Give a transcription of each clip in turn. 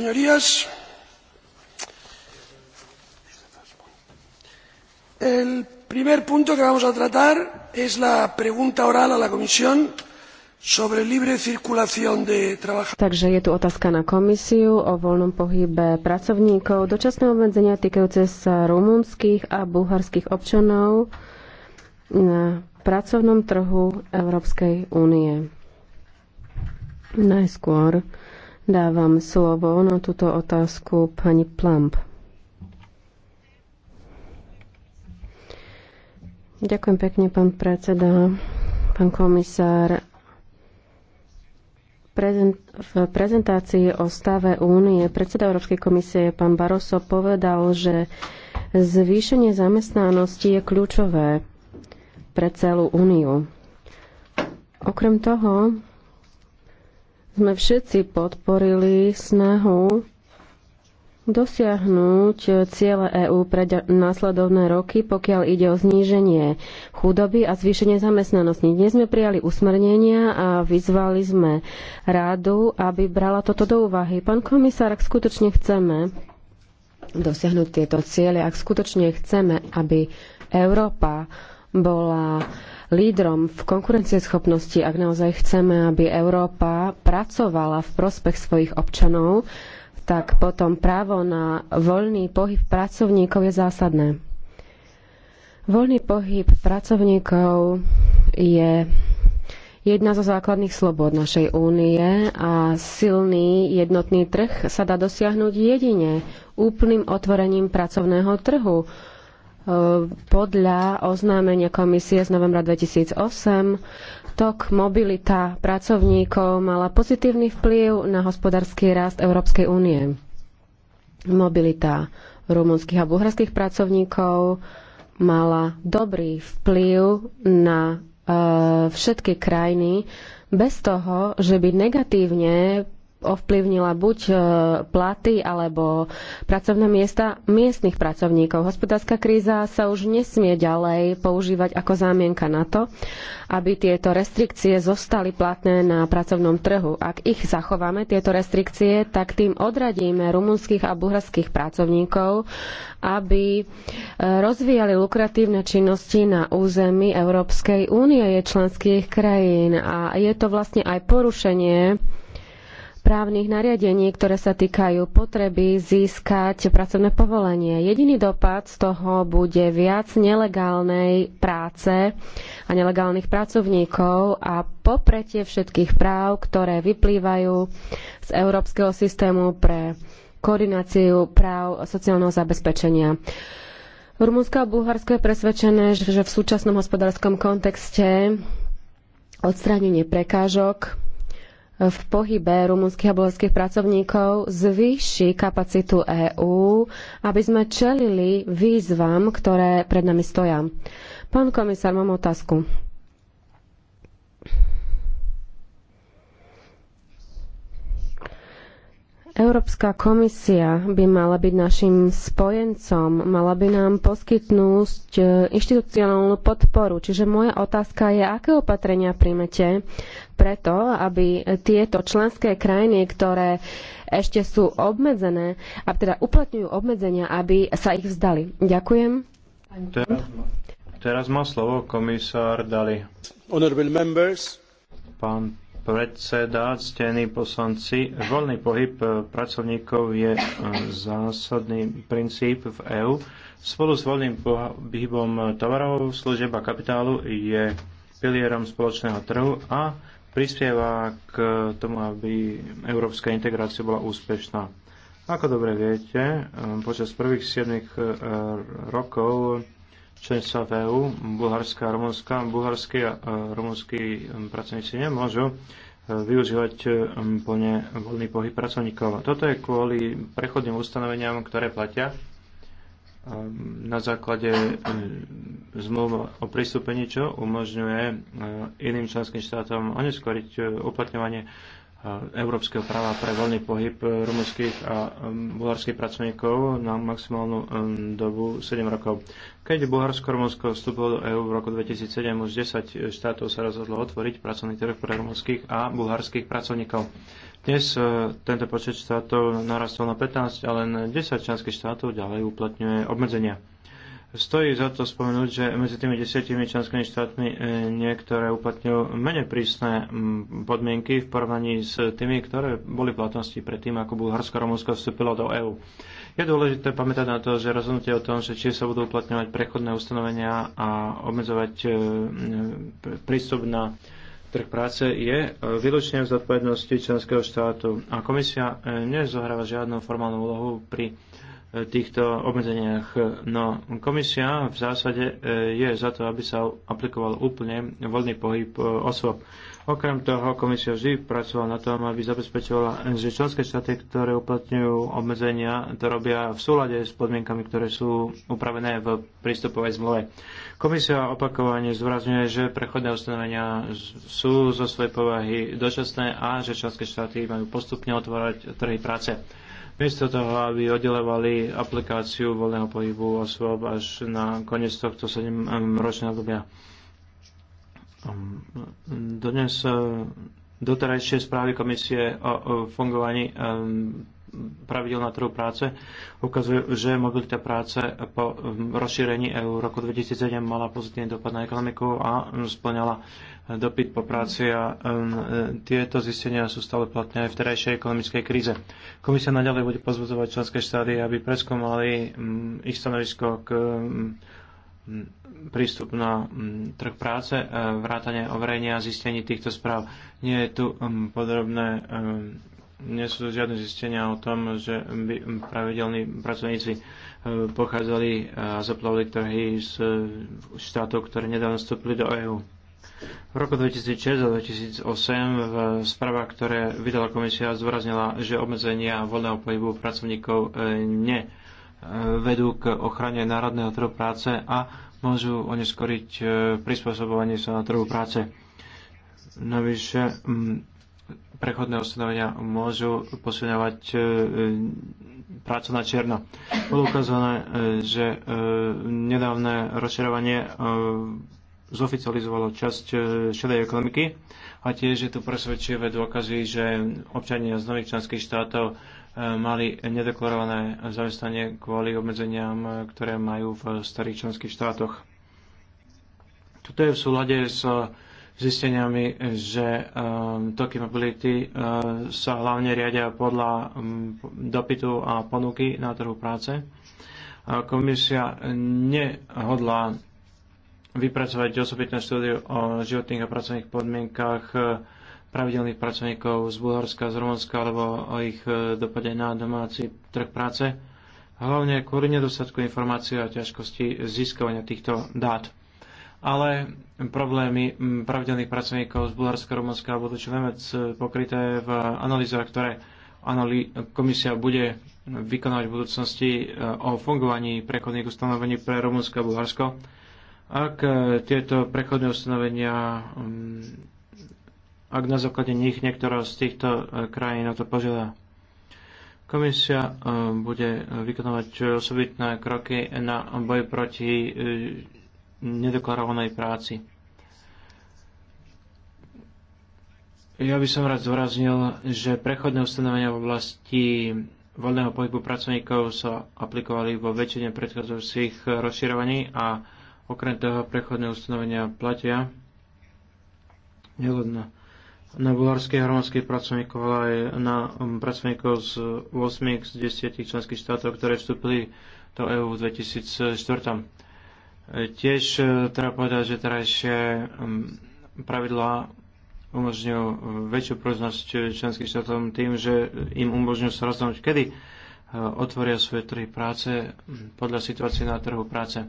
Señorías, el primer punto que vamos a tratar es la pregunta oral a la Comisión sobre libre circulación de trabajadores. Takže je tu otázka na komisiu o voľnom pohybe pracovníkov, dočasné obmedzenia týkajúce sa rumunských a bulharských občanov na pracovnom trhu Európskej únie. Najskôr Dávam slovo na túto otázku pani Plump. Ďakujem pekne, pán predseda, pán komisár. v prezentácii o stave únie predseda Európskej komisie pán Barroso povedal, že zvýšenie zamestnanosti je kľúčové pre celú úniu. Okrem toho, sme všetci podporili snahu dosiahnuť ciele EÚ pre následovné roky, pokiaľ ide o zníženie chudoby a zvýšenie zamestnanosti. Dnes sme prijali usmernenia a vyzvali sme rádu, aby brala toto do úvahy. Pán komisár, ak skutočne chceme dosiahnuť tieto ciele, ak skutočne chceme, aby Európa bola lídrom v konkurencieschopnosti, ak naozaj chceme, aby Európa pracovala v prospech svojich občanov, tak potom právo na voľný pohyb pracovníkov je zásadné. Voľný pohyb pracovníkov je jedna zo základných slobod našej únie a silný jednotný trh sa dá dosiahnuť jedine úplným otvorením pracovného trhu, podľa oznámenia komisie z novembra 2008 tok mobilita pracovníkov mala pozitívny vplyv na hospodársky rast Európskej únie. Mobilita rumunských a bulharských pracovníkov mala dobrý vplyv na e, všetky krajiny bez toho, že by negatívne ovplyvnila buď e, platy alebo pracovné miesta miestnych pracovníkov. Hospodárska kríza sa už nesmie ďalej používať ako zámienka na to, aby tieto restrikcie zostali platné na pracovnom trhu. Ak ich zachováme, tieto restrikcie, tak tým odradíme rumunských a bulharských pracovníkov, aby e, rozvíjali lukratívne činnosti na území Európskej únie jej členských krajín. A je to vlastne aj porušenie právnych nariadení, ktoré sa týkajú potreby získať pracovné povolenie. Jediný dopad z toho bude viac nelegálnej práce a nelegálnych pracovníkov a popretie všetkých práv, ktoré vyplývajú z Európskeho systému pre koordináciu práv sociálneho zabezpečenia. Rumunsko a Bulharsko je presvedčené, že v súčasnom hospodárskom kontexte odstránenie prekážok v pohybe rumunských a bulharských pracovníkov zvýši kapacitu EÚ, aby sme čelili výzvam, ktoré pred nami stoja. Pán komisár, mám otázku. Európska komisia by mala byť našim spojencom, mala by nám poskytnúť e, inštitucionálnu podporu. Čiže moja otázka je, aké opatrenia príjmete preto, aby tieto členské krajiny, ktoré ešte sú obmedzené, a teda uplatňujú obmedzenia, aby sa ich vzdali. Ďakujem. Teraz, teraz má slovo komisár Dali. Honorable members. Pán predseda, ctení poslanci, voľný pohyb e, pracovníkov je e, zásadný princíp v EÚ. Spolu s voľným pohybom e, tovarov, služeb a kapitálu je pilierom spoločného trhu a prispieva k tomu, aby európska integrácia bola úspešná. Ako dobre viete, počas prvých 7 rokov členstva v EÚ, Bulharská a Rumunska, bulharskí a rumunskí pracovníci nemôžu využívať e, plne voľný pohyb pracovníkov. Toto je kvôli prechodným ustanoveniam, ktoré platia e, na základe e, zmluv o pristúpení, čo umožňuje iným členským štátom oneskoriť uplatňovanie Eh, európskeho práva pre voľný pohyb eh, rumunských a bulharských pracovníkov na maximálnu dobu 7 rokov. Keď Bulharsko-Rumunsko vstúpilo do EÚ v roku 2007, už 10 štátov sa rozhodlo otvoriť pracovný trh pre rumunských a bulharských pracovníkov. Dnes eh, tento počet štátov narastol na 15 ale len 10 členských štátov ďalej uplatňuje obmedzenia. Stojí za to spomenúť, že medzi tými desiatimi členskými štátmi e, niektoré uplatňujú menej prísne podmienky v porovnaní s tými, ktoré boli v platnosti predtým, ako Bulharsko a Rumunsko vstúpilo do EÚ. Je dôležité pamätať na to, že rozhodnutie o tom, že či sa budú uplatňovať prechodné ustanovenia a obmedzovať e, e, prístup na trh práce je výlučne v zodpovednosti členského štátu a komisia nezohráva žiadnu formálnu úlohu pri týchto obmedzeniach. No, komisia v zásade e, je za to, aby sa aplikoval úplne voľný pohyb e, osôb. Okrem toho, komisia vždy pracovala na tom, aby zabezpečovala, že členské štáty, ktoré uplatňujú obmedzenia, to robia v súlade s podmienkami, ktoré sú upravené v prístupovej zmluve. Komisia opakovane zdôrazňuje, že prechodné ustanovenia sú zo svojej povahy dočasné a že členské štáty majú postupne otvárať trhy práce miesto toho, aby oddelovali aplikáciu voľného pohybu osôb až na koniec tohto 7-ročného obdobia. Dnes eh, doterajšie správy komisie o fungovaní eh, pravidel na trhu práce ukazujú, že mobilita práce po eh, rozšírení EU roku 2007 mala pozitívny dopad na ekonomiku a splňala dopyt po práci a tieto zistenia sú stále platné aj v terajšej ekonomickej kríze. Komisia naďalej bude pozbudzovať členské štáty, aby preskúmali ich stanovisko k prístup na trh práce, e, vrátanie overenia a zistení týchto správ. Nie je tu podrobné, nie sú žiadne zistenia o tom, že by pravidelní pracovníci e, pochádzali a zaplavili trhy z e, štátov, ktoré nedávno vstúpili do EÚ. V roku 2006 a 2008 v správach, ktoré vydala komisia, zdôraznila, že obmedzenia voľného pohybu pracovníkov e, ne vedú k ochrane národného trhu práce a môžu oneskoriť e, prispôsobovanie sa na trhu práce. Navyše, prechodné ustanovenia môžu posilňovať e, prácu na čierno. Bolo ukázané, že nedávne rozširovanie zoficializovalo časť e, šedej ekonomiky. A tiež je tu presvedčivé dôkazy, že občania z nových členských štátov e, mali nedeklarované zamestnanie kvôli obmedzeniam, e, ktoré majú v starých členských štátoch. Toto je v súlade s zisteniami, že um, toky mobility um, sa hlavne riadia podľa um, dopytu a ponuky na trhu práce. A komisia nehodlá vypracovať osobitné štúdiu o životných a pracovných podmienkách e, pravidelných pracovníkov z Bulharska, z Rumunska alebo o ich e, dopade na domáci trh práce, hlavne kvôli nedostatku informácií a ťažkosti získavania týchto dát. Ale problémy pravidelných pracovníkov z Bulharska, Rumunska a budú Nemec e, pokryté v analýzach, ktoré analý- komisia bude vykonávať v budúcnosti o fungovaní prechodných ustanovení pre Rumunsko a Bulharsko ak e, tieto prechodné ustanovenia, mm, ak na základe nich niektorá z týchto e, krajín na to požiada, Komisia e, bude vykonovať osobitné kroky na boj proti nedeklarovanej práci. Ja by som rád zdôraznil, že prechodné ustanovenia v oblasti voľného pohybu pracovníkov sa aplikovali vo väčšine predchádzajúcich rozširovaní a Okrem toho prechodné ustanovenia platia nielen na, na bulharských a pracovníkov, ale aj na um, pracovníkov z 8 z 10 členských štátov, ktoré vstúpili do EÚ v 2004. Tiež e, treba povedať, že terajšie um, pravidlá umožňujú um, väčšiu proznosť členským štátom tým, že im umožňujú sa rozhodnúť, kedy e, otvoria svoje trhy práce podľa situácie na trhu práce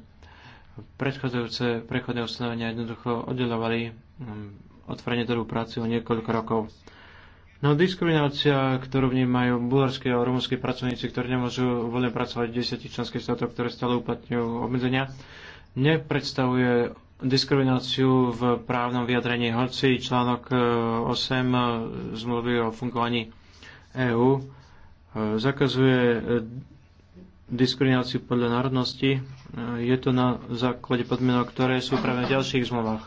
predchádzajúce prechodné ustanovenia jednoducho oddelovali mm, otvorenie trhu práci o niekoľko rokov. No diskriminácia, ktorú vnímajú bulharskí a rumúnsky pracovníci, ktorí nemôžu voľne pracovať v desiatich členských štátoch, ktoré stále uplatňujú obmedzenia, nepredstavuje diskrimináciu v právnom vyjadrení, hoci článok 8 e, e, zmluvy o fungovaní EÚ e, zakazuje diskrimináciu podľa národnosti. E, je to na základe podmienok, ktoré sú práve v ďalších zmluvách.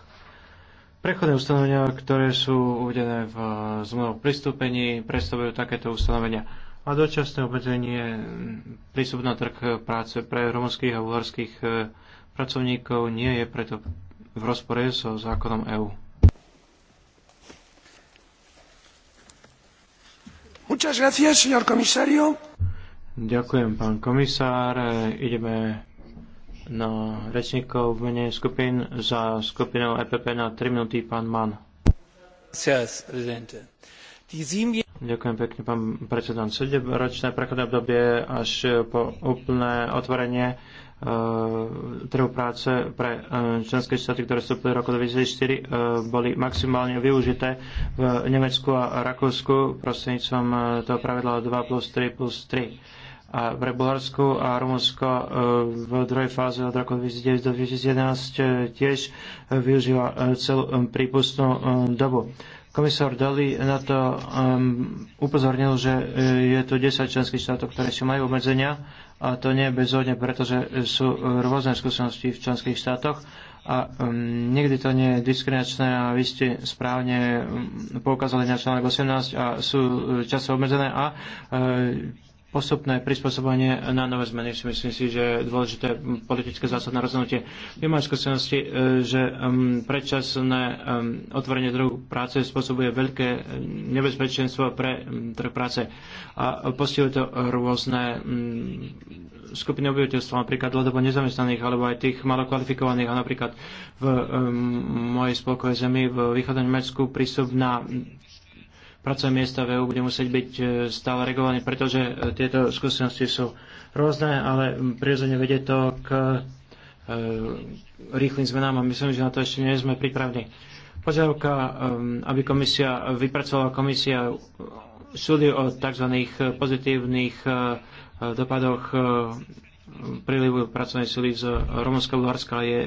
Prechodné ustanovenia, ktoré sú uvedené v e, zmluvu o pristúpení, predstavujú takéto ustanovenia a dočasné obmedzenie mm, prístup na trh práce pre rumunských a bulharských e, pracovníkov nie je preto v rozpore so zákonom EÚ. Muchas gracias, señor comisario. Ďakujem, pán komisár. Ideme na rečníkov v mene skupín za skupinou EPP na 3 minúty, pán Mann. Ďakujem pekne, pán predsedan. 7-ročné prechodné obdobie až po úplné otvorenie eh, trhu práce pre eh, členské štáty, ktoré vstúpili v roku 2004, eh, boli maximálne využité v Nemecku a Rakúsku prostredníctvom toho pravidla 2 plus 3 plus 3 a pre Bulharsko a Rumunsko e, v druhej fáze od roku 2009 do 2011 e, tiež e, využíva celú prípustnú dobu. Komisár Dali na to um, upozornil, že je tu 10 členských štátov, ktoré si majú obmedzenia a to nie je bezhodne, pretože sú rôzne skúsenosti v členských štátoch a um, nikdy to nie je diskriminačné a vy ste správne um, poukázali na článok 18 a sú uh, často obmedzené a postupné prispôsobenie na nové zmeny si myslím si, že je dôležité politické zásadné rozhodnutie. Vy máte skúsenosti, e, že predčasné otvorenie druhu práce spôsobuje veľké nebezpečenstvo pre trh práce a postihuje to rôzne skupiny obyvateľstva, napríklad dlhodobo nezamestnaných, alebo aj tých malo kvalifikovaných. A napríklad v mojej spolkovej zemi v východnom Nemecku prístup na pracovné miesta v EU bude musieť byť e, stále regulované, pretože e, tieto skúsenosti sú rôzne, ale prirodzene vedie to k e, rýchlým zmenám a myslím, že na to ešte nie sme pripravení. Požiadavka, aby komisia vypracovala komisia štúdiu o tzv. pozitívnych dopadoch prílivu pracovnej sily z Rumunska a Bulharska je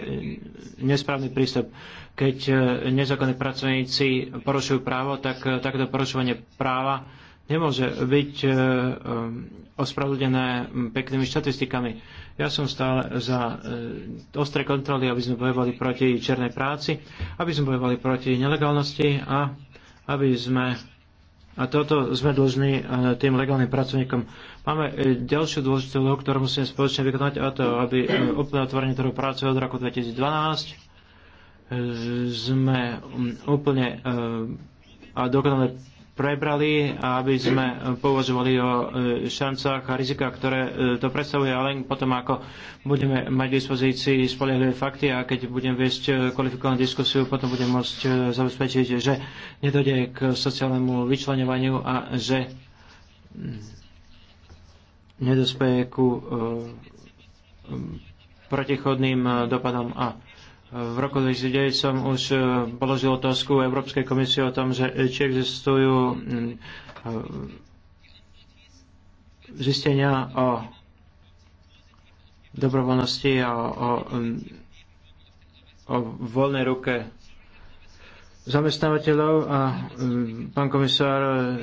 nesprávny prístup. Keď e, nezákonní pracovníci porušujú právo, tak e, takéto porušovanie práva nemôže byť e, ospravedlnené peknými štatistikami. Ja som stále za ostré kontroly, aby sme bojovali proti černej práci, aby sme bojovali proti nelegálnosti a aby sme a toto sme dlžní eh, tým legálnym pracovníkom. Máme eh, ďalšiu dôležitú úlohu, ktorú musíme spoločne vykonať, a to, aby úplne eh, otvorenie trhu práce od roku 2012 sme mm, úplne a dokonale prebrali a aby sme e, považovali o e, šancách a rizikách, ktoré e, to predstavuje, ale len potom, ako budeme mať v dispozícii spolehlivé fakty a keď budem viesť kvalifikovanú diskusiu, potom budem môcť zabezpečiť, že nedojde k sociálnemu vyčlenovaniu a že mm, nedospeje ku protichodným dopadom a v roku 2009 som už e, položil otázku Európskej komisie o tom, že e, či existujú mm, e, zistenia o dobrovoľnosti a o, o mm, voľnej ruke zamestnávateľov a mm, pán komisár,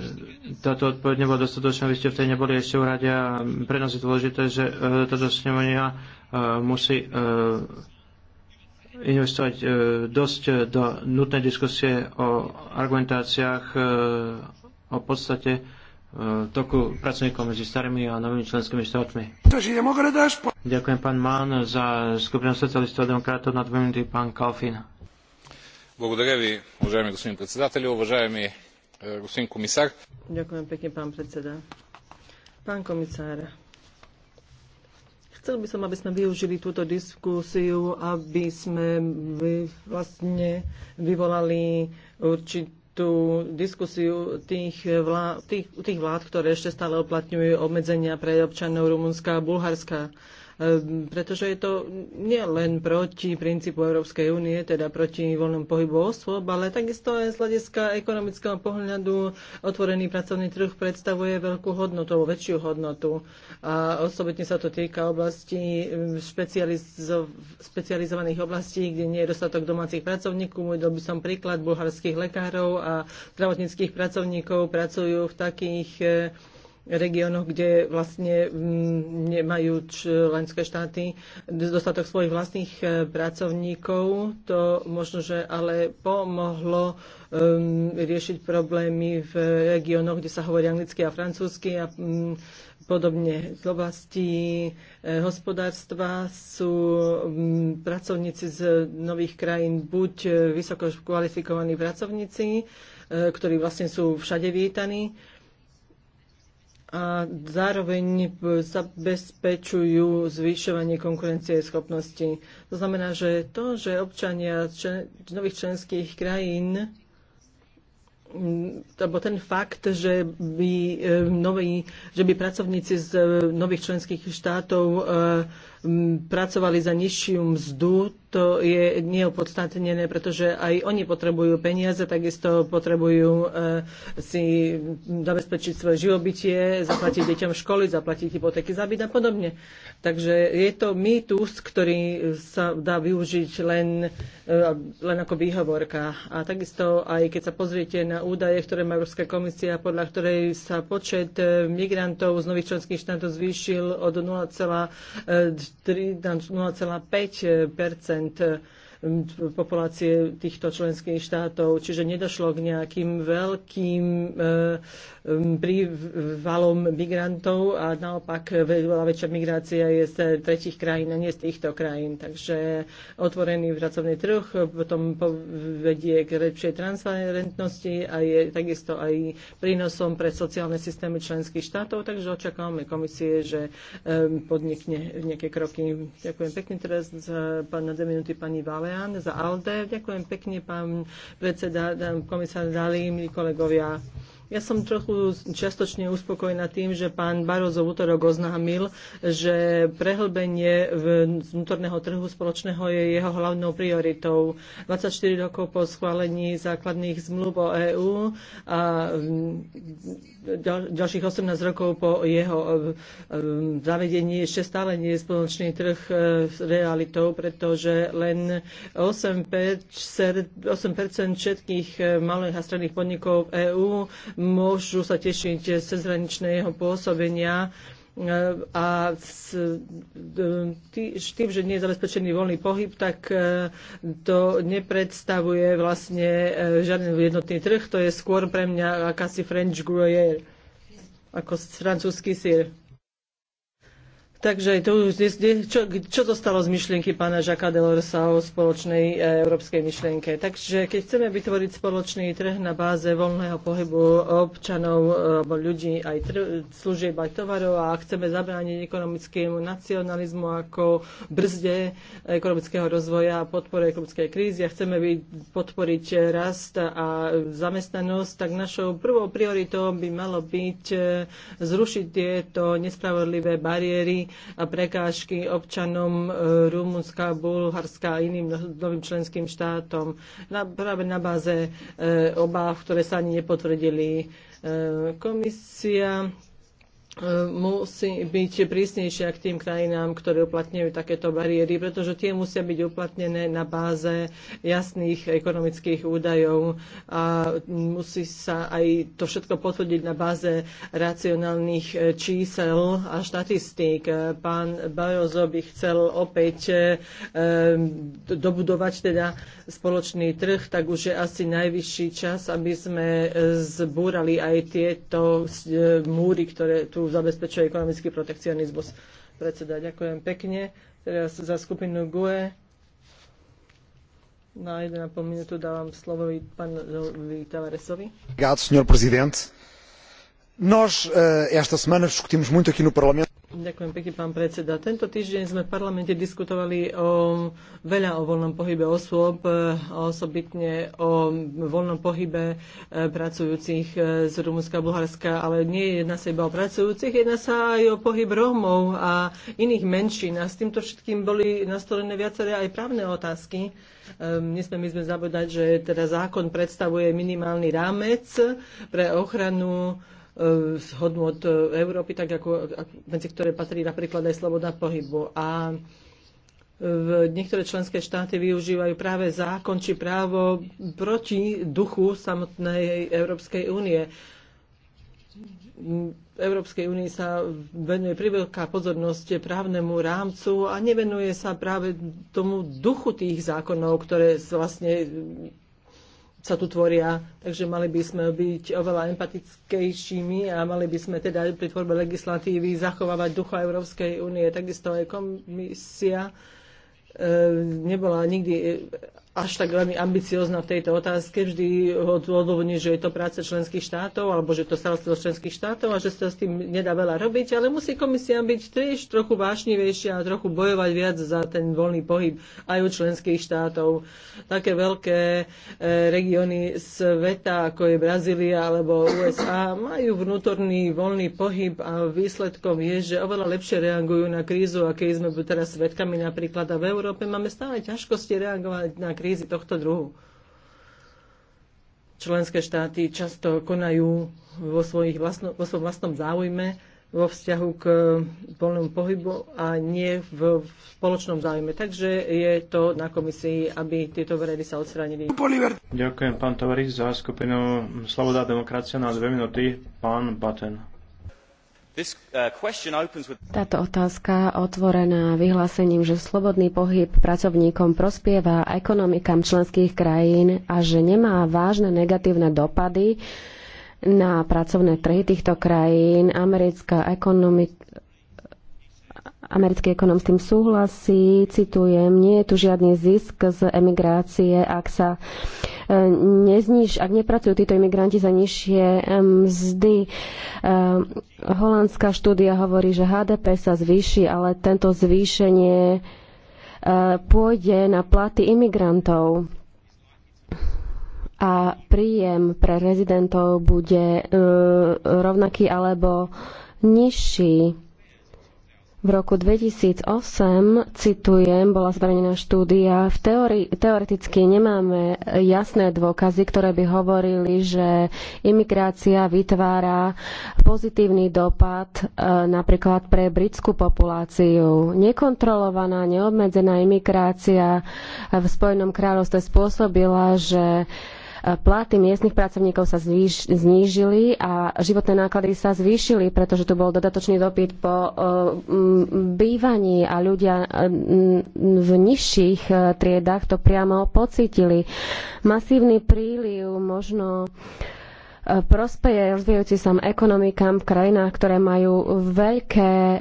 táto odpoveď nebola dostatočná, vy ste v tej neboli ešte v rade a pre nás je dôležité, že toto snemania musí investovať e, dosť e, do nutnej diskusie o argumentáciách e, o podstate toku pracovníkov medzi starými a novými členskými štátmi. Ďakujem pán Mann za skupinu socialistov a demokratov na dve minúty pán Kalfin. Ďakujem pekne, pán predseda. Pán komisár, Chcel by som, aby sme využili túto diskusiu, aby sme vy, vlastne vyvolali určitú tú diskusiu tých vlád, tých, tých vlád, ktoré ešte stále uplatňujú obmedzenia pre občanov Rumunska a Bulharska. Ehm, pretože je to nie len proti princípu Európskej únie, teda proti voľnom pohybu osôb, ale takisto aj z hľadiska ekonomického pohľadu otvorený pracovný trh predstavuje veľkú hodnotu, alebo väčšiu hodnotu. A osobitne sa to týka oblasti ehm, špecializo, špecializovaných oblastí, kde nie je dostatok domácich pracovníkov. Uvedol by som príklad bulharských lekárov a zdravotníckých pracovníkov pracujú v takých ehm, regiónoch, kde vlastne mm, nemajú členské štáty dostatok svojich vlastných e, pracovníkov. To možno, že ale pomohlo um, riešiť problémy v regiónoch, kde sa hovorí anglicky a francúzsky a um, podobne. Z oblasti e, hospodárstva sú um, pracovníci z nových krajín buď vysoko kvalifikovaní pracovníci, e, ktorí vlastne sú všade vítaní, a zároveň zabezpečujú zvyšovanie konkurencie schopnosti. To znamená, že to, že občania čl- nových členských krajín mm, alebo ten fakt, že by, e, noví, že by pracovníci z e, nových členských štátov e, pracovali za nižšiu mzdu, to je neopodstatnené, pretože aj oni potrebujú peniaze, takisto potrebujú e, si zabezpečiť svoje živobytie, zaplatiť deťom školy, zaplatiť hypotéky za byt a podobne. Takže je to mýtus, ktorý sa dá využiť len, e, len ako výhovorka. A takisto aj keď sa pozriete na údaje, ktoré má Európska komisia, podľa ktorej sa počet e, migrantov z nových členských štátov zvýšil od 0,4 0,5 populácie týchto členských štátov, čiže nedošlo k nejakým veľkým e, prívalom migrantov a naopak veľa väčšia migrácia je z tretich krajín a nie z týchto krajín. Takže otvorený pracovný trh potom vedie k lepšej transparentnosti a je takisto aj prínosom pre sociálne systémy členských štátov, takže očakávame komisie, že e, podnikne nejaké kroky. Ďakujem pekne teraz za pána dve minúty pani Vále. Valean za ALDE. Ďakujem pekne, pán predseda, komisár Dali, milí kolegovia. Ja som trochu čiastočne uspokojená tým, že pán Barozov útorok oznámil, že prehlbenie vnútorného trhu spoločného je jeho hlavnou prioritou. 24 rokov po schválení základných zmluv o EÚ a mm, ďalších 18 rokov po jeho e, e, zavedení ešte stále nie je spoločný trh e, realitou, pretože len 8, 5, 8% všetkých malých a stredných podnikov EÚ môžu sa tešiť z cezhraničného pôsobenia e, a e, s tým, že nie je zabezpečený voľný pohyb, tak e, to nepredstavuje vlastne žiadny jednotný trh. To je skôr pre mňa akási French Gruyère, ako francúzsky sír. Takže to, čo, čo zostalo z myšlienky pána Žaka Delorsa o spoločnej e, európskej myšlienke? Takže keď chceme vytvoriť spoločný trh na báze voľného pohybu občanov e, alebo ľudí aj tr- služieb aj tovarov a chceme zabrániť ekonomickému nacionalizmu ako brzde ekonomického rozvoja a podpore ekonomickej krízy a chceme podporiť rast a zamestnanosť, tak našou prvou prioritou by malo byť e, zrušiť tieto nespravodlivé bariéry prekážky občanom e, Rumunska, Bulharska a iným no-, novým členským štátom na, práve na báze e, obáv, ktoré sa ani nepotvrdili. E, komisia musí byť prísnejšia k tým krajinám, ktoré uplatňujú takéto bariéry, pretože tie musia byť uplatnené na báze jasných ekonomických údajov a musí sa aj to všetko potvrdiť na báze racionálnych čísel a štatistík. Pán Bajozo by chcel opäť eh, dobudovať teda spoločný trh, tak už je asi najvyšší čas, aby sme eh, zbúrali aj tieto eh, múry, ktoré tu zabezpečuje ekonomický protekcionizmus. Predseda, ďakujem pekne. Teraz za skupinu GUE na 1,5 minútu dávam slovo pánovi Tavaresovi. Obrigado, senhor presidente. Nós, eh, esta semana, discutimos muito aqui no Parlamento. Ďakujem pekne, pán predseda. Tento týždeň sme v parlamente diskutovali o, veľa o voľnom pohybe osôb, e, osobitne o voľnom pohybe e, pracujúcich e, z Rumunska a Bulharska, ale nie jedna sa iba o pracujúcich, jedna sa aj o pohyb Rómov a iných menšín. A s týmto všetkým boli nastolené viaceré aj právne otázky. Ehm, my sme zabudať, že teda zákon predstavuje minimálny rámec pre ochranu E, z hodnot e, Európy, tak ako, medzi ktoré patrí napríklad aj sloboda pohybu. A v niektoré členské štáty využívajú práve zákon či právo proti duchu samotnej Európskej únie. V Európskej únii sa venuje priveľká pozornosť právnemu rámcu a nevenuje sa práve tomu duchu tých zákonov, ktoré vlastne sa tu tvoria, takže mali by sme byť oveľa empatickejšími a mali by sme teda pri tvorbe legislatívy zachovávať ducha Európskej únie. Takisto aj komisia e, nebola nikdy až tak veľmi ambiciozna v tejto otázke. Vždy odôvodne, že je to práca členských štátov alebo že to starostlivosť členských štátov a že sa s tým nedá veľa robiť, ale musí komisia byť tiež trochu vášnivejšia a trochu bojovať viac za ten voľný pohyb aj u členských štátov. Také veľké e, regióny sveta, ako je Brazília alebo USA, majú vnútorný voľný pohyb a výsledkom je, že oveľa lepšie reagujú na krízu, aké sme teraz svedkami napríklad a v Európe máme stále ťažkosti reagovať na krízu krízy tohto druhu. Členské štáty často konajú vo, svojich vlastno, vo svojom vlastnom záujme vo vzťahu k voľnému pohybu a nie v spoločnom záujme. Takže je to na komisii, aby tieto veredy sa odstránili. Ďakujem, pán Tovarík, za skupinu Sloboda a demokracia na dve minúty. Pán Baten. Uh, Táto otázka otvorená vyhlásením, že slobodný pohyb pracovníkom prospieva ekonomikám členských krajín a že nemá vážne negatívne dopady na pracovné trhy týchto krajín. Americká ekonomika Americký ekonom s tým súhlasí, citujem, nie je tu žiadny zisk z emigrácie, ak sa e, nezniž, ak nepracujú títo imigranti za nižšie e, mzdy. E, holandská štúdia hovorí, že HDP sa zvýši, ale tento zvýšenie pôjde na platy imigrantov a príjem pre rezidentov bude rovnaký alebo nižší v roku 2008, citujem, bola zverejnená štúdia, v teori- teoreticky nemáme jasné dôkazy, ktoré by hovorili, že imigrácia vytvára pozitívny dopad e, napríklad pre britskú populáciu. Nekontrolovaná, neobmedzená imigrácia v Spojenom kráľovstve spôsobila, že Platy miestnych pracovníkov sa zvýš, znížili a životné náklady sa zvýšili, pretože tu bol dodatočný dopyt po eh, bývaní a ľudia eh, v nižších eh, triedách to priamo pocítili. Masívny príliv možno prospeje rozvíjajúcim sa ekonomikám v krajinách, ktoré majú veľké e,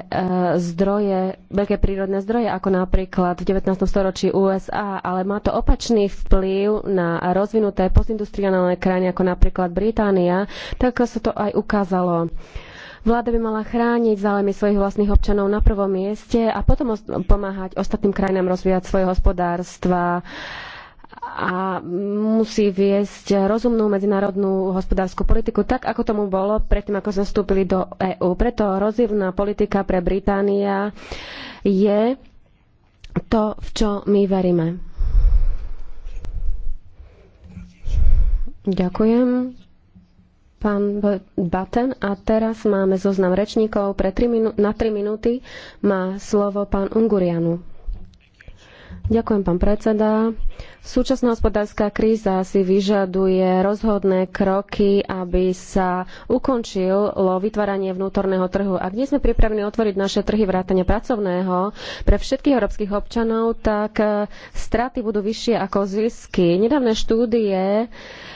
zdroje, veľké prírodné zdroje, ako napríklad v 19. storočí USA, ale má to opačný vplyv na rozvinuté postindustriálne krajiny, ako napríklad Británia, tak ako sa to aj ukázalo. Vláda by mala chrániť záujmy svojich vlastných občanov na prvom mieste a potom pomáhať ostatným krajinám rozvíjať svoje hospodárstva a musí viesť rozumnú medzinárodnú hospodárskú politiku, tak ako tomu bolo predtým, ako sme vstúpili do EÚ. Preto rozdielna politika pre Británia je to, v čo my veríme. Ďakujem, pán Baten. A teraz máme zoznam rečníkov. Pre na 3 minúty má slovo pán Ungurianu. Ďakujem, pán predseda. Súčasná hospodárska kríza si vyžaduje rozhodné kroky, aby sa ukončilo vytváranie vnútorného trhu. Ak nie sme pripravení otvoriť naše trhy vrátane pracovného pre všetkých európskych občanov, tak e, straty budú vyššie ako zisky. Nedávne štúdie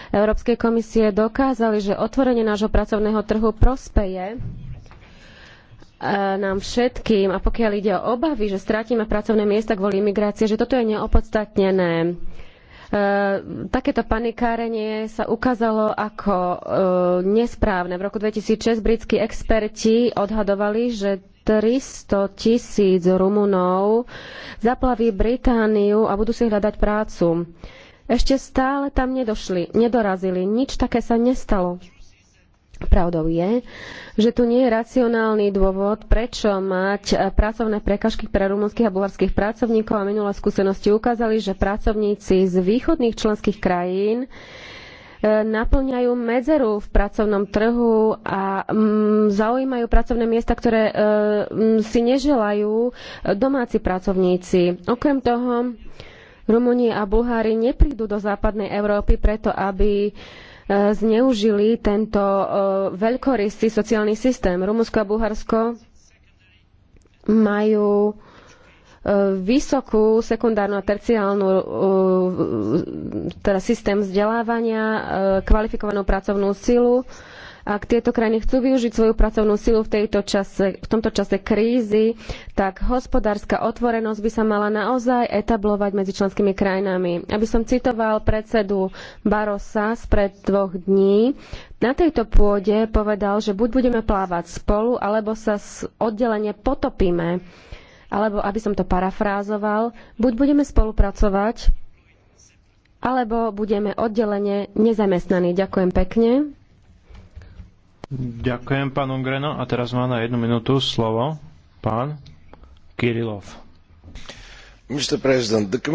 Európskej komisie dokázali, že otvorenie nášho pracovného trhu prospeje E, nám všetkým a pokiaľ ide o obavy, že strátime pracovné miesta kvôli imigrácie, že toto je neopodstatnené. E, takéto panikárenie sa ukázalo ako e, nesprávne. V roku 2006 britskí experti odhadovali, že 300 tisíc Rumunov zaplaví Britániu a budú si hľadať prácu. Ešte stále tam nedošli, nedorazili. Nič také sa nestalo. Pravdou je, že tu nie je racionálny dôvod, prečo mať e, pracovné prekažky pre rumunských a bulharských pracovníkov a minulé skúsenosti ukázali, že pracovníci z východných členských krajín e, naplňajú medzeru v pracovnom trhu a mm, zaujímajú pracovné miesta, ktoré e, mm, si neželajú domáci pracovníci. Okrem toho, Rumúni a Bulhári neprídu do západnej Európy preto, aby E, zneužili tento e, veľkorysý sociálny systém. Rumunsko a Bulharsko majú e, vysokú sekundárnu a terciálnu teda systém vzdelávania, kvalifikovanú pracovnú silu, ak tieto krajiny chcú využiť svoju pracovnú silu v, tejto čase, v tomto čase krízy, tak hospodárska otvorenosť by sa mala naozaj etablovať medzi členskými krajinami. Aby som citoval predsedu Barosa spred dvoch dní, na tejto pôde povedal, že buď budeme plávať spolu, alebo sa oddelenie potopíme. Alebo, aby som to parafrázoval, buď budeme spolupracovať, alebo budeme oddelenie nezamestnaní. Ďakujem pekne. Ďakujem, pán Ungreno. A teraz má na jednu minútu slovo pán Kirilov.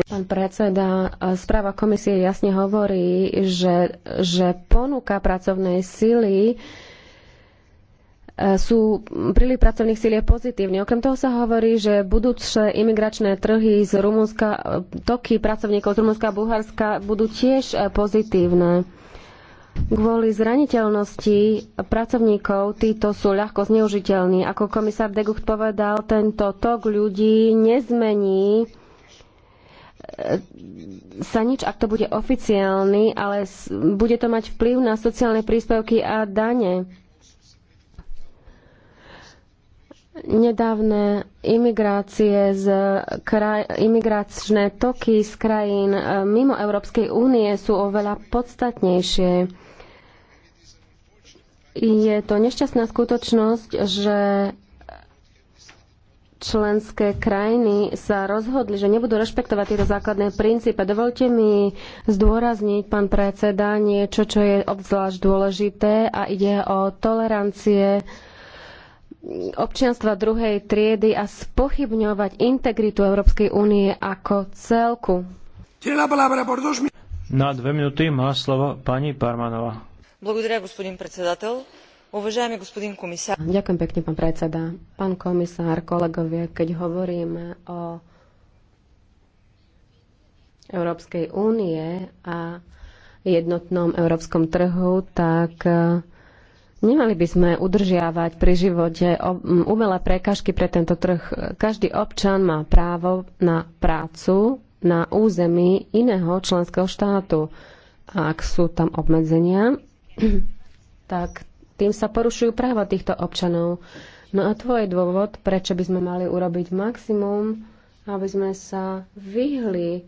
Pán predseda, správa komisie jasne hovorí, že, že ponuka pracovnej sily e, sú príliv pracovných síl je pozitívny. Okrem toho sa hovorí, že budúce imigračné trhy z Rumunska, e, toky pracovníkov z Rumunska a Bulharska budú tiež e, pozitívne. Kvôli zraniteľnosti pracovníkov títo sú ľahko zneužiteľní. Ako komisár Degucht povedal, tento tok ľudí nezmení e, sa nič, ak to bude oficiálny, ale bude to mať vplyv na sociálne príspevky a dane. Nedávne imigrácie z kraj, imigračné toky z krajín e, mimo Európskej únie sú oveľa podstatnejšie je to nešťastná skutočnosť, že členské krajiny sa rozhodli, že nebudú rešpektovať tieto základné princípy. Dovolte mi zdôrazniť, pán predseda, niečo, čo je obzvlášť dôležité a ide o tolerancie občianstva druhej triedy a spochybňovať integritu Európskej únie ako celku. Na dve minúty má slovo pani Parmanová. Благодаря, господин председател. Уважаеми господин комисár. Ďakujem pekne, pán predseda. Pán komisár, kolegovia, keď hovoríme o Európskej únie a jednotnom európskom trhu, tak e, nemali by sme udržiavať pri živote umelé prekažky pre tento trh. Každý občan má právo na prácu na území iného členského štátu. ak sú tam obmedzenia, tak tým sa porušujú práva týchto občanov. No a tvoj je dôvod, prečo by sme mali urobiť maximum, aby sme sa vyhli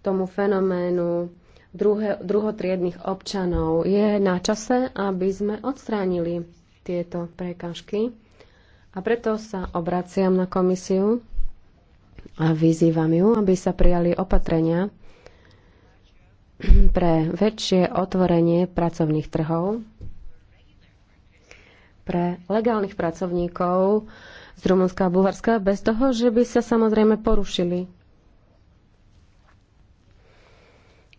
tomu fenoménu druhé, druhotriedných občanov. Je na čase, aby sme odstránili tieto prekážky. A preto sa obraciam na komisiu a vyzývam ju, aby sa prijali opatrenia, pre väčšie otvorenie pracovných trhov, pre legálnych pracovníkov z Rumunska a Bulharska, bez toho, že by sa samozrejme porušili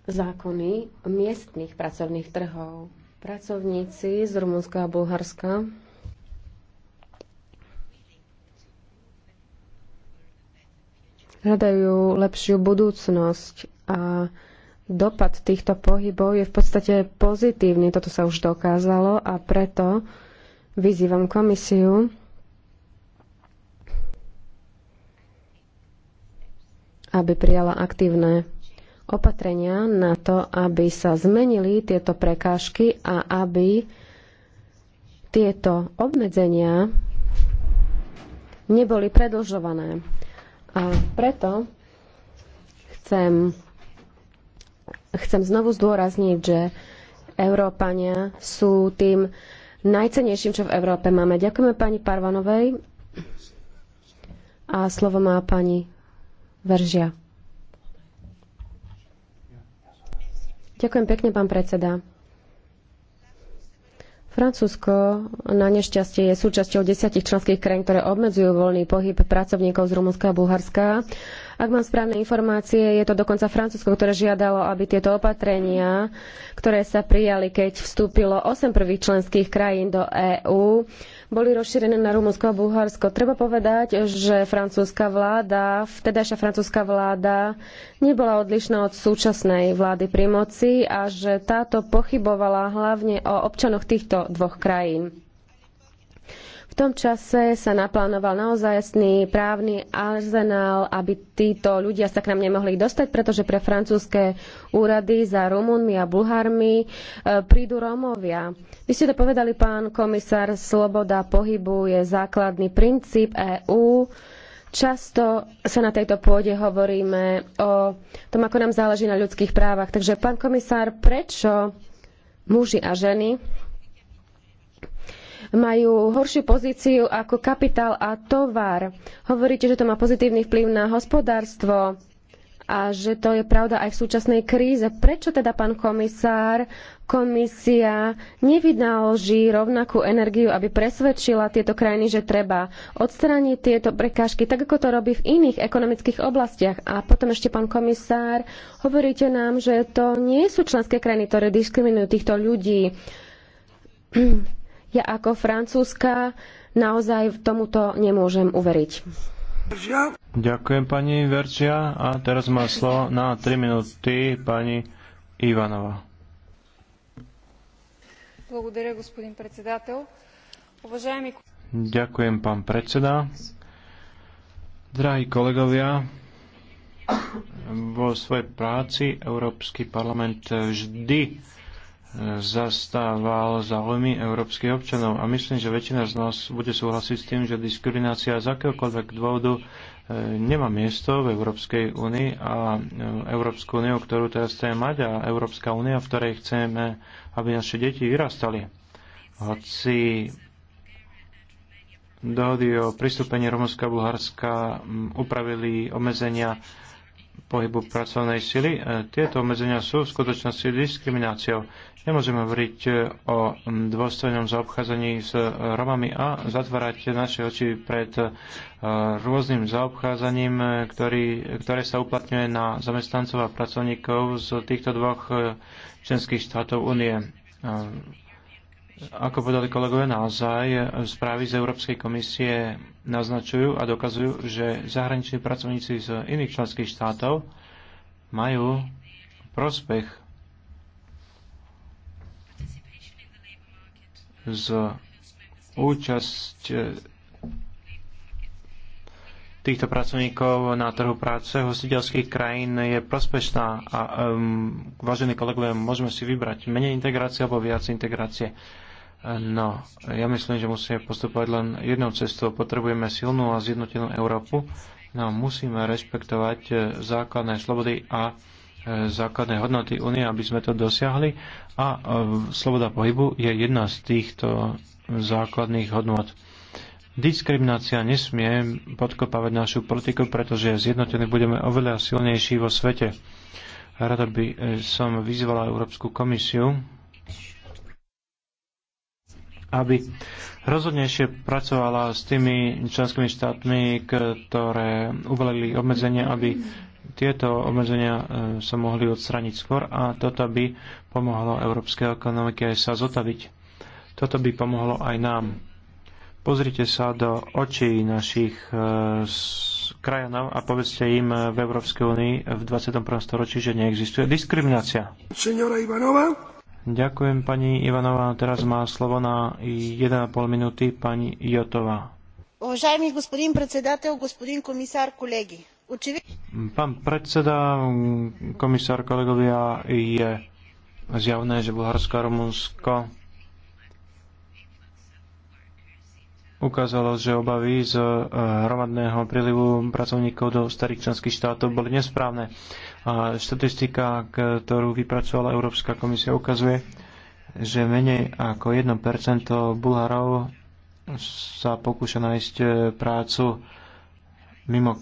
zákony miestných pracovných trhov. Pracovníci z Rumunska a Bulharska hľadajú lepšiu budúcnosť a dopad týchto pohybov je v podstate pozitívny. Toto sa už dokázalo a preto vyzývam komisiu, aby prijala aktívne opatrenia na to, aby sa zmenili tieto prekážky a aby tieto obmedzenia neboli predlžované. A preto chcem chcem znovu zdôrazniť, že Európania sú tým najcenejším, čo v Európe máme. Ďakujeme pani Parvanovej a slovo má pani Veržia. Ďakujem pekne, pán predseda. Francúzsko na nešťastie je súčasťou desiatich členských krajín, ktoré obmedzujú voľný pohyb pracovníkov z Rumunska a Bulharska ak mám správne informácie, je to dokonca Francúzsko, ktoré žiadalo, aby tieto opatrenia, ktoré sa prijali, keď vstúpilo 8 prvých členských krajín do EÚ, boli rozšírené na Rumunsko a Bulharsko. Treba povedať, že francúzska vláda, vtedajšia francúzska vláda nebola odlišná od súčasnej vlády pri moci a že táto pochybovala hlavne o občanoch týchto dvoch krajín. V tom čase sa naplánoval naozaj jasný právny arzenál, aby títo ľudia sa k nám nemohli dostať, pretože pre francúzske úrady za Rumunmi a Bulhármi e, prídu Rómovia. Vy ste to povedali, pán komisár, sloboda pohybu je základný princíp EÚ. Často sa na tejto pôde hovoríme o tom, ako nám záleží na ľudských právach. Takže, pán komisár, prečo muži a ženy majú horšiu pozíciu ako kapitál a tovar. Hovoríte, že to má pozitívny vplyv na hospodárstvo a že to je pravda aj v súčasnej kríze. Prečo teda, pán komisár, komisia nevynaloží rovnakú energiu, aby presvedčila tieto krajiny, že treba odstrániť tieto prekážky, tak ako to robí v iných ekonomických oblastiach. A potom ešte, pán komisár, hovoríte nám, že to nie sú členské krajiny, ktoré diskriminujú týchto ľudí ja ako francúzska naozaj tomuto nemôžem uveriť. Ďakujem pani Verčia a teraz má slovo na 3 minúty pani Ivanova. Ďakujem, pán predseda. Drahí kolegovia, vo svojej práci Európsky parlament vždy zastával záujmy európskych občanov. A myslím, že väčšina z nás bude súhlasiť s tým, že diskriminácia z akéhokoľvek dôvodu e, nemá miesto v Európskej únii a e, Európsku úniu, ktorú teraz chceme mať a Európska únia, v ktorej chceme, aby naše deti vyrastali. Hoci dohody o pristúpení Rumunska a Bulharska upravili obmedzenia pohybu pracovnej sily. E, tieto obmedzenia sú v skutočnosti diskrimináciou. Nemôžeme hovoriť e, o dôstojnom zaobchádzaní s e, Romami a zatvárať naše oči pred rôznym zaobchádzaním, ktorý, ktoré sa uplatňuje na zamestnancov a pracovníkov z týchto dvoch členských štátov únie ako povedali kolegovia, naozaj správy z Európskej komisie naznačujú a dokazujú, že zahraniční pracovníci z iných členských štátov majú prospech z účasť týchto pracovníkov na trhu práce hostiteľských krajín je prospešná a um, vážení kolegovia, môžeme si vybrať menej integrácie alebo viac integrácie. Uh, No, ja myslím, že musíme postupovať len jednou cestou. Potrebujeme silnú a zjednotenú Európu, no musíme rešpektovať eh, základné slobody a eh, základné hodnoty únie, aby sme to dosiahli. A eh, sloboda pohybu je jedna z týchto základných hodnot. Diskriminácia nesmie podkopávať našu politiku, pretože zjednotení budeme oveľa silnejší vo svete. Rada by som vyzvala Európsku komisiu, aby rozhodnejšie pracovala s tými členskými štátmi, ktoré uvalili obmedzenia, aby tieto obmedzenia e, sa mohli odstraniť skôr a toto by pomohlo európskej ekonomike sa zotaviť. Toto by pomohlo aj nám. Pozrite sa do očí našich e, krajanov a povedzte im e, v Európskej únii v 21. storočí, že neexistuje diskriminácia. Senora Ivanova. Ďakujem pani Ivanová. Teraz má slovo na 1,5 minúty pani Jotová. Уважаеми господин председател, господин комисар, колеги. Pán predseda, komisár, kolegovia, je zjavné, že Bulharsko a Rumunsko ukázalo, že obavy z hromadného prílivu pracovníkov do starých členských štátov boli nesprávne. A štatistika, ktorú vypracovala Európska komisia, ukazuje, že menej ako 1% Bulharov sa pokúša nájsť e, prácu mimo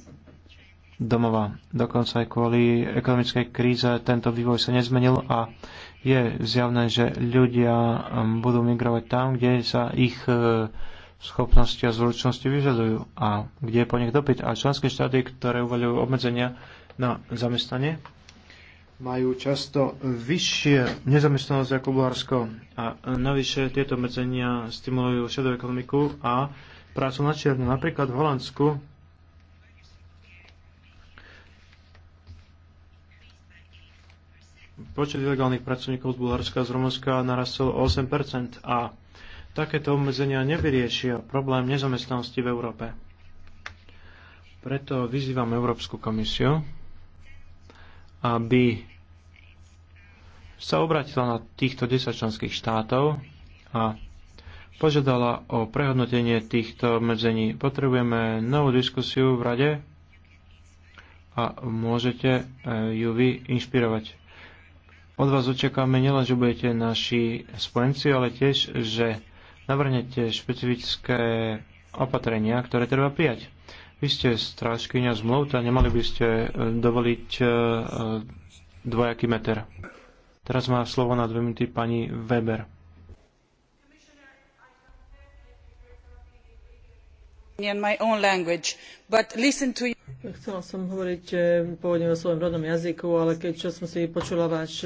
domova. Dokonca aj kvôli ekonomickej kríze tento vývoj sa nezmenil a je zjavné, že ľudia budú migrovať tam, kde sa ich e, schopnosti a zručnosti vyžadujú a kde je po nich dopyt. A členské štáty, ktoré uvaľujú obmedzenia, na zamestnanie, majú často vyššie nezamestnanosť ako Bulharsko. A navyše tieto medzenia stimulujú šedú ekonomiku a prácu na čierno. Napríklad v Holandsku počet ilegálnych pracovníkov z Bulharska a z Rumunska narastol 8% a takéto obmedzenia nevyriešia problém nezamestnanosti v Európe. Preto vyzývam Európsku komisiu, aby sa obratila na týchto 10 členských štátov a požiadala o prehodnotenie týchto obmedzení. Potrebujeme novú diskusiu v Rade a môžete e, ju vy inšpirovať. Od vás očakávame nielen, že budete naši spojenci, ale tiež, že navrhnete špecifické opatrenia, ktoré treba prijať. Vy ste strážkynia zmluv, teda nemali by ste e, dovoliť e, e, dvojaký meter. Teraz má slovo na dve minúty pani Weber. Chcela som hovoriť pôvodne o svojom rodnom jazyku, ale keď čo som si počula váš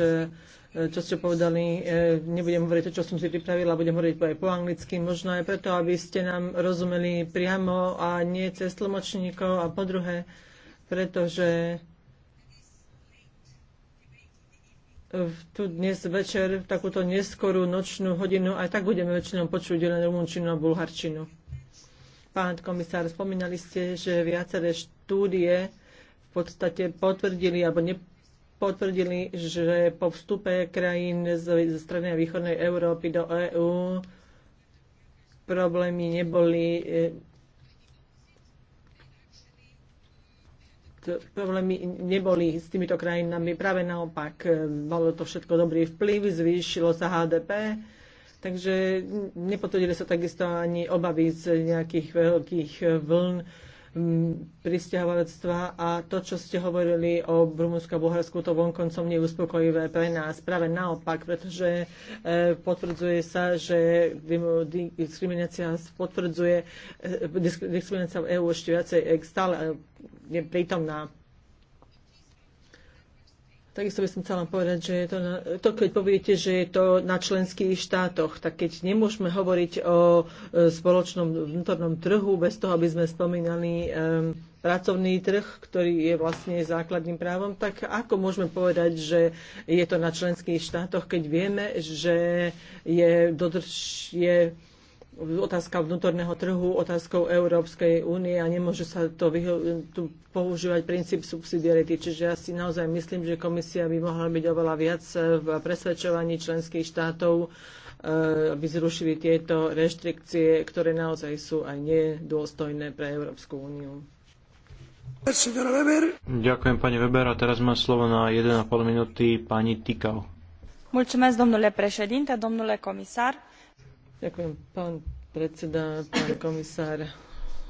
E, čo ste povedali. E, nebudem hovoriť to, čo som si pripravila, budem hovoriť aj po anglicky, možno aj preto, aby ste nám rozumeli priamo a nie cez tlmočníkov a po druhé, pretože tu dnes večer, v takúto neskorú nočnú hodinu, aj tak budeme väčšinou počuť len rumunčinu a bulharčinu. Pán komisár, spomínali ste, že viaceré štúdie v podstate potvrdili alebo ne, potvrdili, že po vstupe krajín z, strednej a východnej Európy do EÚ problémy neboli e, problémy neboli s týmito krajinami. Práve naopak, e, malo to všetko dobrý vplyv, zvýšilo sa HDP, takže nepotvrdili sa takisto ani obavy z nejakých veľkých vln pristahovalectva a to, čo ste hovorili o Rumunsku a Bulharsku, to vonkoncom nie je uspokojivé pre nás. Práve naopak, pretože e, potvrdzuje sa, že diskriminácia potvrdzuje, e, diskriminácia v EU ešte viacej e, stále je prítomná. Takisto by som chcela povedať, že je to, na, to, keď poviete, že je to na členských štátoch, tak keď nemôžeme hovoriť o e, spoločnom vnútornom trhu bez toho, aby sme spomínali um, pracovný trh, ktorý je vlastne základným právom, tak ako môžeme povedať, že je to na členských štátoch, keď vieme, že je, dodrž, je otázka vnútorného trhu otázkou Európskej únie a nemôže sa to tu používať princíp subsidiarity. Čiže ja si naozaj myslím, že komisia by mohla byť oveľa viac e, v presvedčovaní členských štátov, e, aby zrušili tieto reštrikcie, ktoré naozaj sú aj nedôstojné pre Európsku úniu. Ďakujem pani Weber a teraz má slovo na 1,5 minúty pani Tikau. Mulțumesc, domnule președinte, domnule comisar Ďakujem, pán predseda, pán komisár.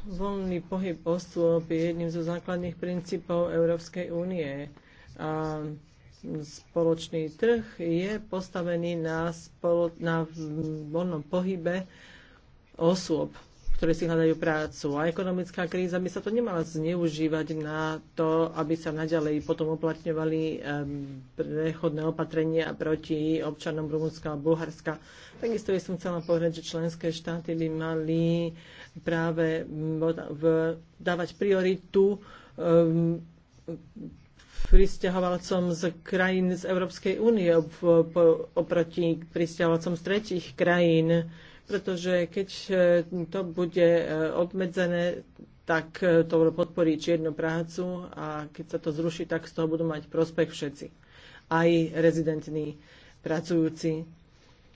Voľný pohyb osôb je jedným zo základných princípov Európskej únie. A spoločný trh je postavený na, spolo- na voľnom pohybe osôb ktorí si hľadajú prácu. A ekonomická kríza by sa to nemala zneužívať na to, aby sa naďalej potom uplatňovali prechodné opatrenia proti občanom Rumunska a Bulharska. Takisto by som chcela povedať, že členské štáty by mali práve dávať prioritu pristahovalcom z krajín z Európskej únie oproti pristahovalcom z tretich krajín pretože keď e, to bude e, obmedzené, tak e, to podporí čiernu prácu a keď sa to zruší, tak z toho budú mať prospech všetci. Aj rezidentní pracujúci.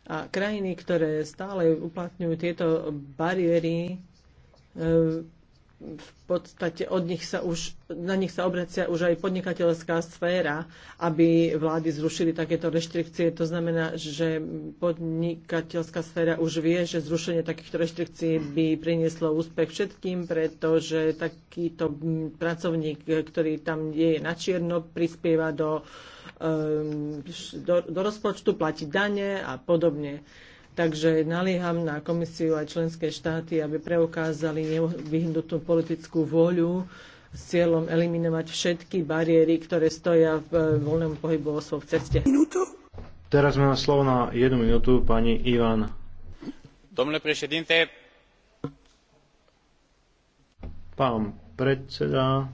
A krajiny, ktoré stále uplatňujú tieto bariéry, v podstate od nich sa už, na nich sa obracia už aj podnikateľská sféra, aby vlády zrušili takéto reštrikcie. To znamená, že podnikateľská sféra už vie, že zrušenie takýchto reštrikcií by prinieslo úspech všetkým, pretože takýto pracovník, ktorý tam je na čierno, prispieva do, ehm, do, do rozpočtu, platí dane a podobne. Takže nalieham na komisiu aj členské štáty, aby preukázali nevyhnutú politickú voľu s cieľom eliminovať všetky bariéry, ktoré stoja v eh, voľnom pohybu osôb v ceste. Minútu. Teraz máme slovo na jednu minútu pani Ivan. Domnule prešedinte. pán predseda,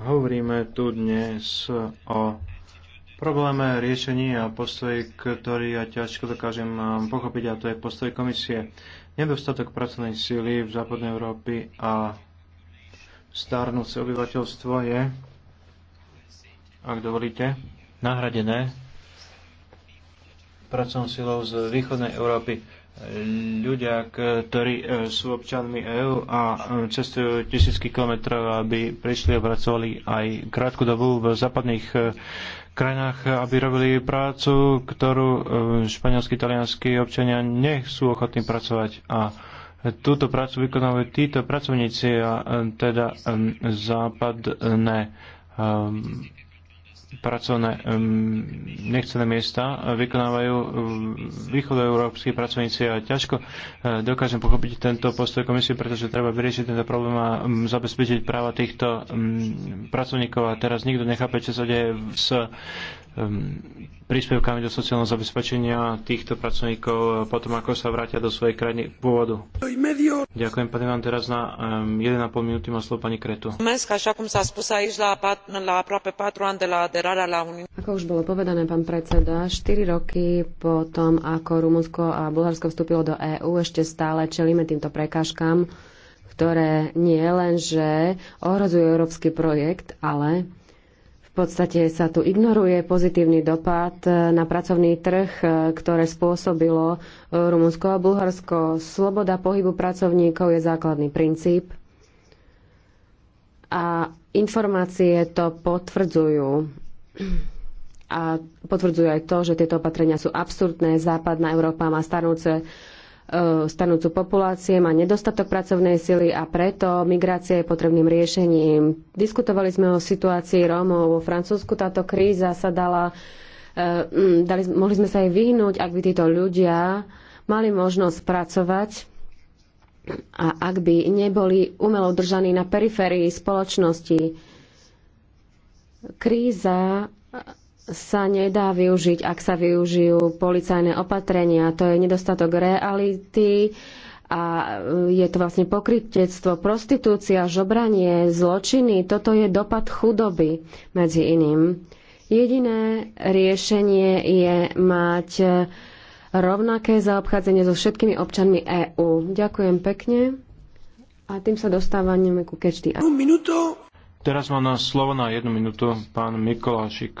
hovoríme tu dnes o probléme, riešení a postoj, ktorý ja ťažko dokážem um, pochopiť, a to je postoj komisie. Nedostatok pracovnej síly v západnej Európy a starnúce obyvateľstvo je, ak dovolíte, nahradené pracovnou silou z východnej Európy ľudia, ktorí e, sú občanmi EÚ a e, cestujú tisícky kilometrov, aby prišli a pracovali aj krátku dobu v západných e, krajinách, aby robili prácu, ktorú e, španielskí, italianskí občania nech sú ochotní pracovať. A túto prácu vykonávajú títo pracovníci a e, teda e, západné pracovné, nechcené miesta vykonávajú východoeurópsky pracovníci a ťažko eh, dokážem pochopiť tento postoj komisie, pretože treba vyriešiť tento problém a zabezpečiť práva týchto pracovníkov a teraz nikto nechápe, čo sa deje s Ehm, príspevkami do sociálneho zabezpečenia týchto pracovníkov e, potom, ako sa vrátia do svojej krajiny pôvodu. Ďakujem, pani vám teraz na um, ehm, 1,5 minúty má slovo pani Kretu. Ako už bolo povedané, pán predseda, 4 roky po tom, ako Rumunsko a Bulharsko vstúpilo do EÚ, ešte stále čelíme týmto prekážkam, ktoré nie len, že ohrozujú európsky projekt, ale v podstate sa tu ignoruje pozitívny dopad e, na pracovný trh, e, ktoré spôsobilo e, Rumunsko a Bulharsko. Sloboda pohybu pracovníkov je základný princíp a informácie to potvrdzujú. A potvrdzujú aj to, že tieto opatrenia sú absurdné. Západná Európa má starúce E, stanúcu populácie, má nedostatok pracovnej sily a preto migrácia je potrebným riešením. Diskutovali sme o situácii Rómov vo Francúzsku. Táto kríza sa dala, e, mm, dali, mohli sme sa jej vyhnúť, ak by títo ľudia mali možnosť pracovať a ak by neboli umelo držaní na periférii spoločnosti. Kríza sa nedá využiť, ak sa využijú policajné opatrenia. To je nedostatok reality a e, je to vlastne pokrytectvo, prostitúcia, žobranie, zločiny. Toto je dopad chudoby medzi iným. Jediné riešenie je mať e, rovnaké zaobchádzanie so všetkými občanmi EÚ. Ďakujem pekne. A tým sa dostávame ku kečty. Teraz má na slovo na jednu minútu pán Mikolášik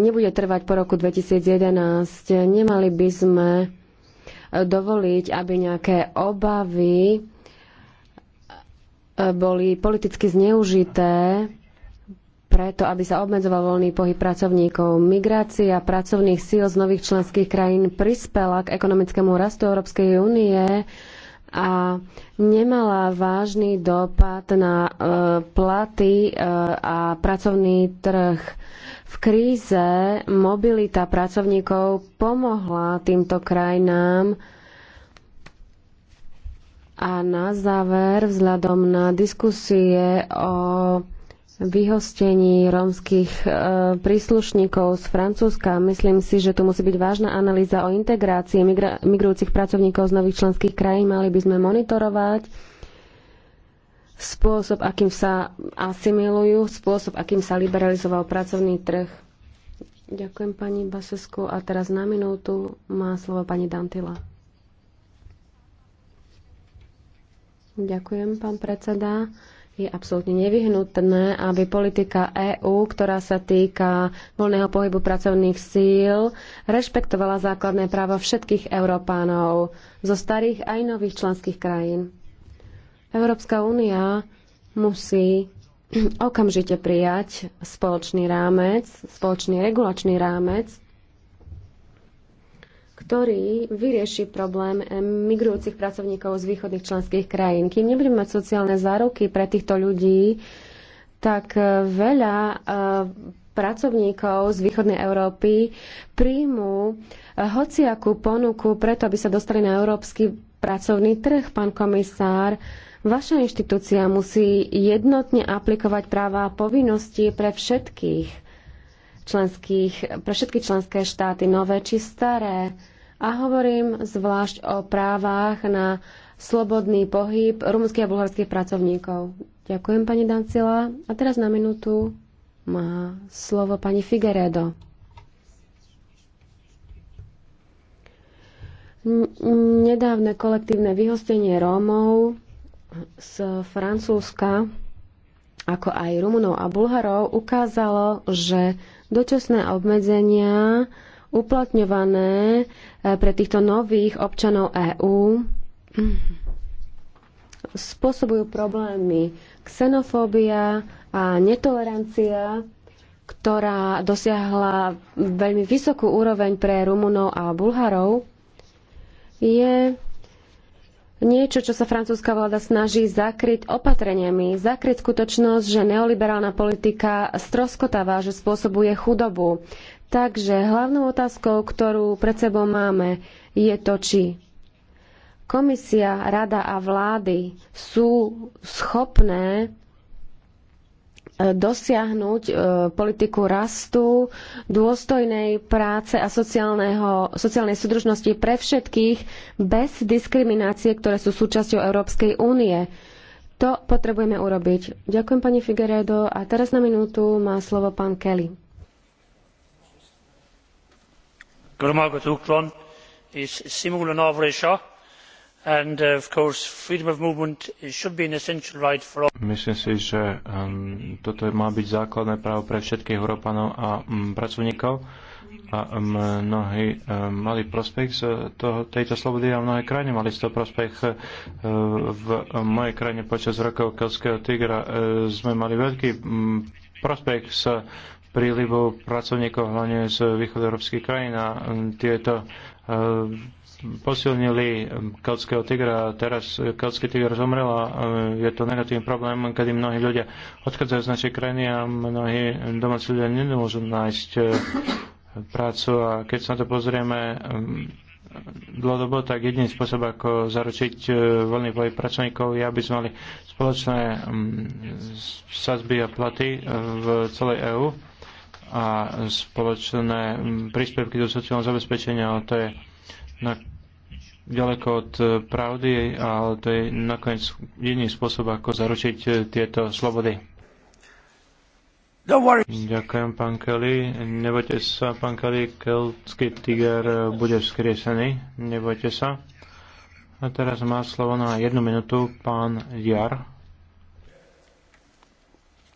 nebude trvať po roku 2011. Nemali by sme e, dovoliť, aby nejaké obavy e, boli politicky zneužité preto, aby sa obmedzoval voľný pohyb pracovníkov. Migrácia pracovných síl z nových členských krajín prispela k ekonomickému rastu Európskej únie a nemala vážny dopad na e, platy a pracovný trh. V kríze mobilita pracovníkov pomohla týmto krajinám a na záver, vzhľadom na diskusie o vyhostení rómskych e, príslušníkov z Francúzska, myslím si, že tu musí byť vážna analýza o integrácii migrujúcich pracovníkov z nových členských krajín. Mali by sme monitorovať spôsob, akým sa asimilujú, spôsob, akým sa liberalizoval pracovný trh. Ďakujem pani Basesku a teraz na minútu má slovo pani Dantila. Ďakujem, pán predseda. Je absolútne nevyhnutné, aby politika EÚ, ktorá sa týka voľného pohybu pracovných síl, rešpektovala základné práva všetkých Európánov zo starých aj nových členských krajín. Európska únia musí okamžite prijať spoločný rámec, spoločný regulačný rámec, ktorý vyrieši problém migrujúcich pracovníkov z východných členských krajín. Kým nebudeme mať sociálne záruky pre týchto ľudí, tak veľa eh, pracovníkov z východnej Európy príjmu eh, hociakú ponuku preto, aby sa dostali na európsky pracovný trh. Pán komisár, Vaša inštitúcia musí jednotne aplikovať práva a povinnosti pre všetkých členských, pre všetky členské štáty, nové či staré. A hovorím zvlášť o právach na slobodný pohyb rumunských a bulharských pracovníkov. Ďakujem, pani Dancila. A teraz na minútu má slovo pani Figueredo. Nedávne kolektívne vyhostenie Rómov z Francúzska, ako aj Rumunov a Bulharov, ukázalo, že dočasné obmedzenia uplatňované e, pre týchto nových občanov EÚ spôsobujú problémy xenofóbia a netolerancia, ktorá dosiahla veľmi vysokú úroveň pre Rumunov a Bulharov, je niečo, čo sa francúzska vláda snaží zakryť opatreniami, zakryť skutočnosť, že neoliberálna politika stroskotáva, že spôsobuje chudobu. Takže hlavnou otázkou, ktorú pred sebou máme, je to, či komisia, rada a vlády sú schopné dosiahnuť e, politiku rastu, dôstojnej práce a sociálnej súdržnosti pre všetkých bez diskriminácie, ktoré sú súčasťou Európskej únie. To potrebujeme urobiť. Ďakujem pani Figueredo a teraz na minútu má slovo pán Kelly. Ďakujem and uh, of course freedom of movement should be an essential right for all. Myslím si, že um, toto má byť základné právo pre všetkých Európanov a um, pracovníkov a mm, mnohí um, mali prospech z toho, tejto slobody a mnohé krajiny mali z toho prospech. E, v mojej krajine počas rokov Kelského tigra e, sme mali veľký um, prospech z prílivu pracovníkov hlavne z európskych krajín a tieto e, posilnili kautského tigra a teraz kautský tigr zomrel a e, je to negatívny problém, kedy mnohí ľudia odchádzajú z našej krajiny a mnohí domáci ľudia nemôžu nájsť e, prácu a keď sa na to pozrieme e, dlhodobo, tak jediný spôsob, ako zaručiť voľný pohyb pracovníkov, je, aby sme mali spoločné sazby a platy v celej EÚ a spoločné príspevky do sociálneho zabezpečenia. To je na ďaleko od e, pravdy a to je nakoniec jediný spôsob, ako zaručiť e, tieto slobody. Ďakujem, pán Kelly. Nebojte sa, pán Kelly, keľský tiger e, bude vzkriesený. Nebojte sa. A teraz má slovo na jednu minútu pán Jar.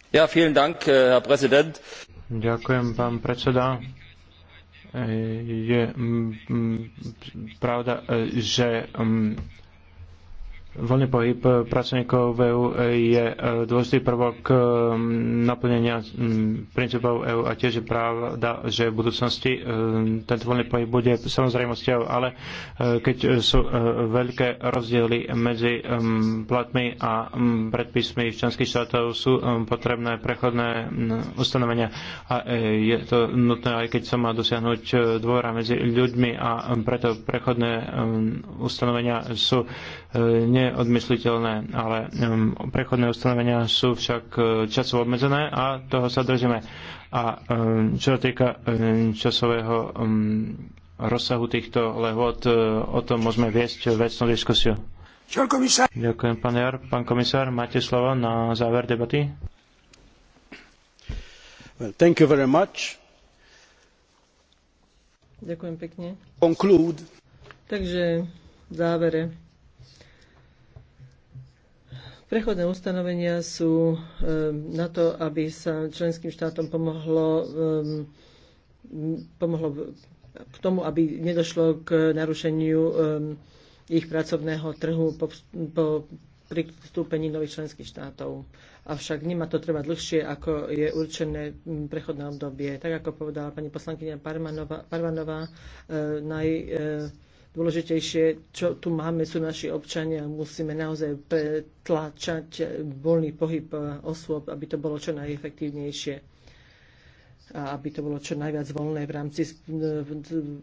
Ja, vielen Dank, Herr Präsident. Ďakujem, pán predseda je pravda, že Voľný pohyb pracovníkov v EU je e, dôležitý prvok e, naplnenia princípov EU a tiež je pravda, že v budúcnosti e, tento voľný pohyb bude samozrejmosťou, ale keď sú veľké rozdiely medzi platmi a predpismi členských štátov, sú potrebné prechodné ustanovenia a je to nutné, aj keď sa má dosiahnuť dôvera medzi ľuďmi a preto prechodné ustanovenia sú nie neodmysliteľné, ale um, prechodné ustanovenia sú však uh, časovo obmedzené a toho sa držíme. A um, čo sa týka um, časového rozsahu týchto lehôd, uh, o tom môžeme viesť vecnú diskusiu. Ďakujem, pán Jar. Pán komisár, máte slovo na záver debaty. Well, thank you very much. Ďakujem pekne. Conclude. Takže v závere Prechodné ustanovenia sú eh, na to, aby sa členským štátom pomohlo, eh, pomohlo k tomu, aby nedošlo k narušeniu eh, ich pracovného trhu po, po pristúpení nových členských štátov. Avšak nemá to trvať dlhšie, ako je určené mm, prechodné obdobie. Tak ako povedala pani poslankyňa Parvanová, Parvanová naj, dôležitejšie, čo tu máme, sú naši občania. Musíme naozaj pretláčať voľný pohyb osôb, aby to bolo čo najefektívnejšie a aby to bolo čo najviac voľné v rámci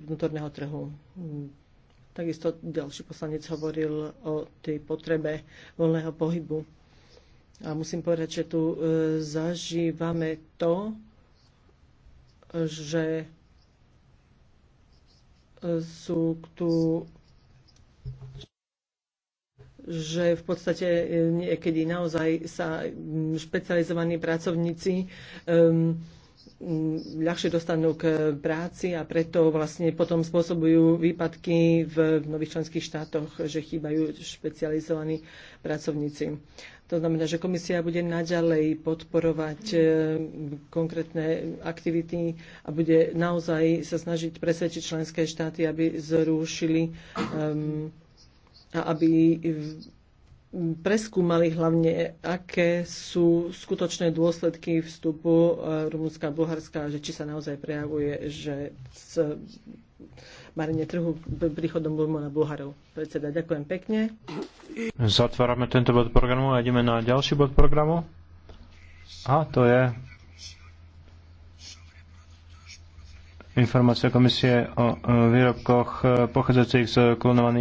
vnútorného trhu. Takisto ďalší poslanec hovoril o tej potrebe voľného pohybu. A musím povedať, že tu e, zažívame to, že sú tu že v podstate e, niekedy naozaj sa špecializovaní pracovníci um, ľahšie dostanú k práci a preto vlastne potom spôsobujú výpadky v nových členských štátoch, že chýbajú špecializovaní pracovníci. To znamená, že komisia bude naďalej podporovať e, konkrétne aktivity a bude naozaj sa snažiť presvedčiť členské štáty, aby zrušili a aby preskúmali hlavne, aké sú skutočné dôsledky vstupu e, Rumunska a Bulharska, že či sa naozaj prejavuje, že marenie trhu príchodom Bulmona Bulharov. Predseda, ďakujem pekne. Zatvárame tento bod programu a ideme na ďalší bod programu. A to je informácia komisie o e, výrobkoch e, pochádzajúcich z klonovaných